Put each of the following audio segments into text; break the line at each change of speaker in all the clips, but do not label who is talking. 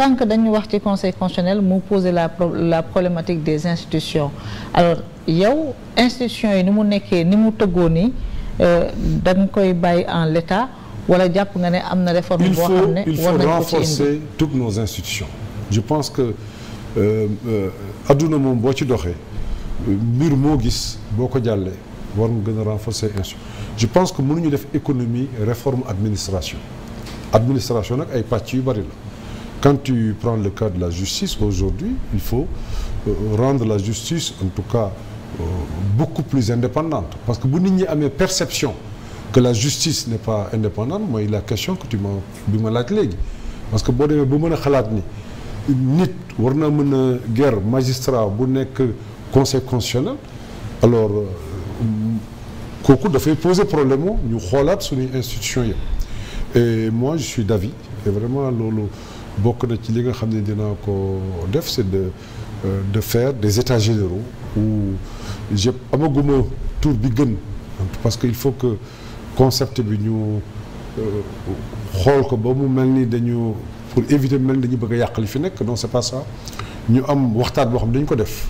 tant que dañu wax ci conseil constitutionnel mu pose la la problématique des institutions alors yow institutions yi ni mu nekkee ni mu tëggoo ni euh, da koy bàyyi en l'état wala jàpp nga ne am na réforme boo xam ne il faut renforcer
toutes je pense que euh, euh, adduna moom boo ci doxee mbir moo gis boo ko jàllee war mu gën a renforcer institution je pense que mënuñu def économie réforme administration administration nag ay pàcc yu bari la Quand tu prends le cas de la justice, aujourd'hui, il faut euh, rendre la justice, en tout cas, euh, beaucoup plus indépendante. Parce que bu nit ñi amee perception que la justice n'est pas indépendante mooy la question que tu ma bi ma laaj léegi parce que boo demee bu mën a xalaat ni nit war naa mën a guerre magistrat bu nekk conseil constitutionnel alors euh, kooku dafay poser problème ñu xoolaat suñuy institution yëpp et moi je suis d'avis et vraiment loolu bokk na ci li nga xam ne dina ko def c'est de euh, de faire des états généraux où je amaguma tour bi gën parce que il faut que concept bi ñu euh, xool ko ba mu mel ni dañu pour éviter mel ni dañu bëgg yàq li fi nekk non c'est pas ça ñu am waxtaan boo xam ne dañu ko def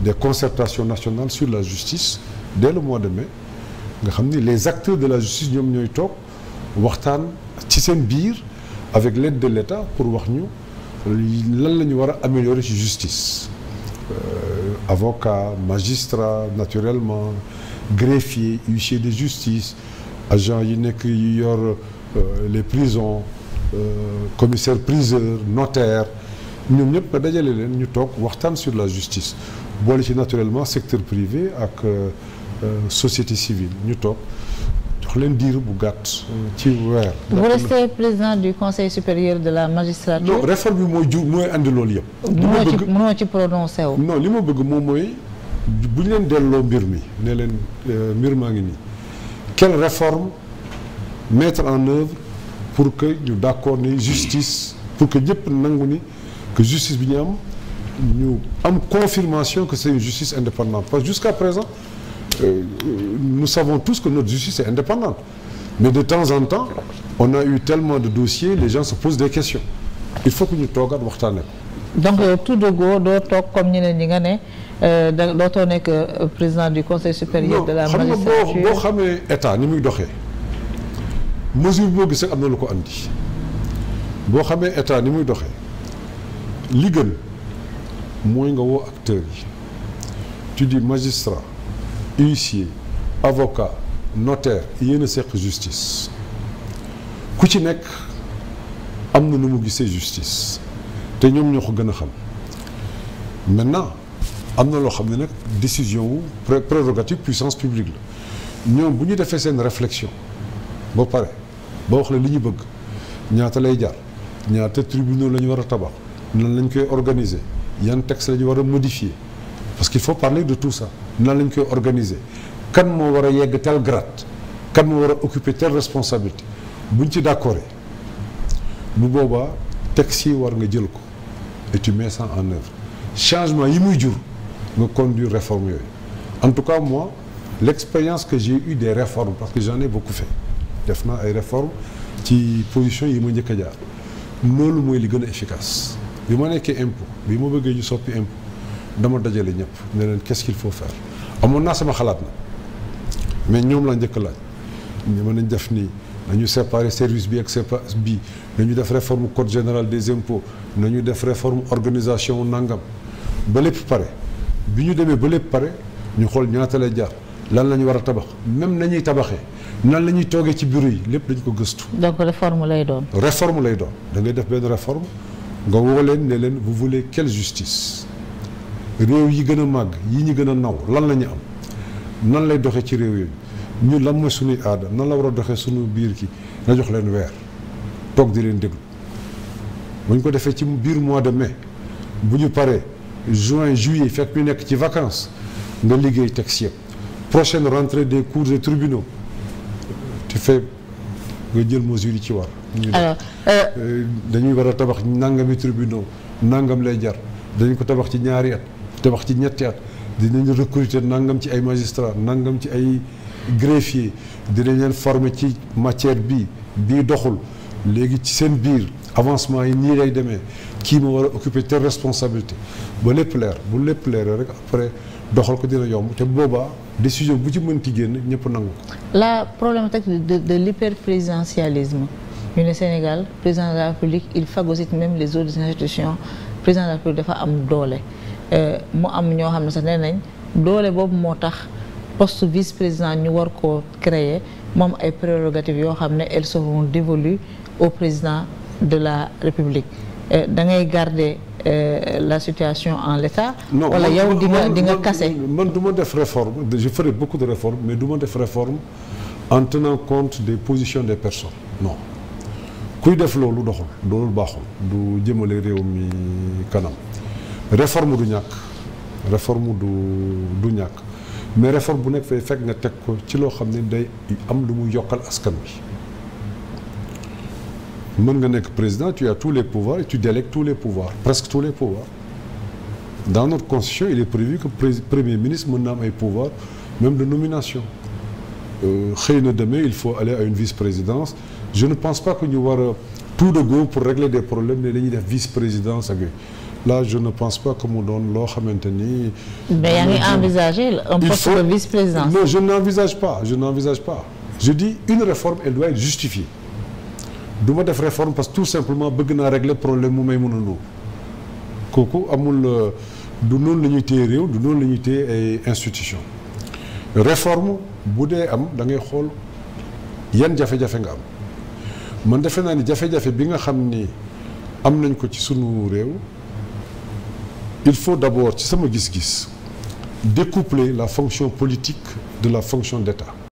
de concertations nationale sur la justice dès le mois de mai nga xam ni les acteurs de la justice ñoom ñooy toog waxtaan ci seen biir avec l'aide de l'État pour wax ñu lan la ñu war a améliorer ci justice euh, avocat magistrat naturellement greffier huissier de justice agent yi nekk yu yor euh, les prisons euh, commissaire priseur notaire ñoom ñëpp nga dajale leen ñu toog waxtaan sur la justice boole ci naturellement secteur privé ak euh, euh société civile ñu toog jox leen diir bu gàtt. ci weer. vous restez
président du conseil supérieur de la magistrature. non réforme
bi mooy ju mooy andi loolu yëpp.
li ma bëgg
mënoo li ma bëgg moom mooy bu leen delloo mbir mi ne leen euh, mbir maa ngi nii quelle réforme mettre en œuvre pour que ñu d' accord ni justice pour que ñëpp nangu ni que justice bi ñu am ñu am confirmation que c' est une justice indépendante parce que jusqu'à présent. Euh, nous savons tous que notre justice est indépendante. Mais de temps en temps, on a eu tellement de dossiers, les gens se posent des questions. Il faut que ñu toogaat waxtaane ko.
donc yow euh, Toudougo doo toog comme ne ñi nga ne euh, dootoo nekk euh, président du conseil supérieur. de la magistrature non xam
nga état ni muy doxee mesure boo gis ko boo xamee état ni muy doxee li gën mooy nga woo acteurs yi tu dis magistrat huissier. avocat notaire yéen a seq justice ku ci nekk am na lu mu gisee justice te ñoom ñoo ko gën a xam maintenant am na loo xam ne nag décision wu prérogative puissance publique la ñoom bu ñu defee seen réflexion ba pare ba wax la li ñu bëgg ñaata lay jaar ñaata tribunaux la ñu war a tabax nan lañ koy organiser yan texte la ñu war a modifier parce qu'il faut parler de tout ça nan lañ koy organiser kan moo war a yegg tel grade kan moo war a occuper telle responsabilité buñ ci d'accord bu boobaa texte yi war nga jël ko et tu mets ça en œuvre changement yi muy jur nga conduire réforme yooyu en tout cas moi l'expérience que j'ai eu des réformes parce que j'en ai beaucoup fait def naa ay réforme ci position yi ma njëkk a jaar loolu mooy li gën a efficace bi ma nekkee impôt bi ma bëggee ñu soppi impôt dama dajale ñëpp ne leen qu'est-ce qu'il faut faire amoon naa sama xalaat mais ñoom laa njëkk laaj ñu mën nañ def nii nañu séparer service bi ak service bi nañu def réforme code général des impôts nañu def réforme organisation nangam ba lépp pare bi ñu demee ba lépp pare ñu xool ñaata lay jaar lan la ñu war a tabax même nañuy tabaxee nan la ñuy toogee ci bureau yi lépp dañu ko gëstu.
donc réforme lay doon.
réforme lay doon dangay def benn réforme nga woo leen ne leen vous voulez quelle justice réew yi gën a màgg yi ñu gën a naw lan la ñu am. nan lay doxee ci réew yi ñu lan mooy suñuy aada nan la war a doxee suñu biir ki na jox leen weer toog di leen déglu bu ñu ko defee ci biir mois de mai bu ñu paree juin juillet fekk ñu nekk ci vacances nga liggéey texte yëpp prochaine rentrée des cours et tribunaux te fee nga jël mesures yi ci war. alors euh, euh, dañuy war a tabax nangami tribunaux nangam lay jar dañu ko tabax ci ñaari at tabax ci ñetti at. dinañ recruter nangam ci ay magistrat nangam ci ay greffier dinañ leen former ci matière bi bii doxul léegi ci seen biir avancement yi nii lay demee kii ma war a occuper te responsabilité ba lépp leer bu lépp leeree rek après doxal ko dina yomb te booba décision bu ci mënti génn ñëpp nangu ko.
la problématique de de l'hyperprésidentialisme ñu ne Sénégal président de la République il phagocyte même les autres institutions président de la République dafa am doole. Euh, mu am ñoo xam ne sax nee doole boobu moo tax poste vice président ñu war koo créer moom ay prérogatives yoo xam ne elles seront dévolues au président de la république euh, da ngay garder euh, la situation en l'état wala yow di nga di nga kase
man duma ma def réforme je ferai beaucoup de réformes mais du ma def réforme en tenant compte des positions des personnes non kuy def loolu doxul loolu baaxul du jëmale réew mi kanam réforme du ñàkk réforme du du ñàkk mais réforme bu nekk fay fekk nga teg ko ci loo xam ne day am lu muy yokkal askan wi mën nga nekk président tu as tous les pouvoirs et tu délègues tous les pouvoirs presque tous les pouvoirs dans notre constitution il est prévu que premier ministre mën na am ay pouvoir même de nomination euh, xëy na demain il faut aller à une vice-présidence je ne pense pas que ñu war a tout de go pour régler des problèmes ne dañuy def vice-présidence ak là je ne pense pas que mu doon loo xamante ni. mais yaa ngi euh, envisager
un poste de vice-président. non je
n'envisage pas je n'envisage pas. je dis une réforme elle doit être justifiée du ma def réforme parce que tout simplement bëgg naa régler problème mu may mën a nuyu kooku amul euh, du noonu la ñuy téye réew du noonu la ñuy téye ay institution réforme bu dee am da ngay xool yan jafe-jafe nga am man defe naa ni jafe-jafe bi nga xam ni am nañ ko ci sunu réew. il faut d'abord ci sama gis-gis découpler la fonction politique de la fonction d'État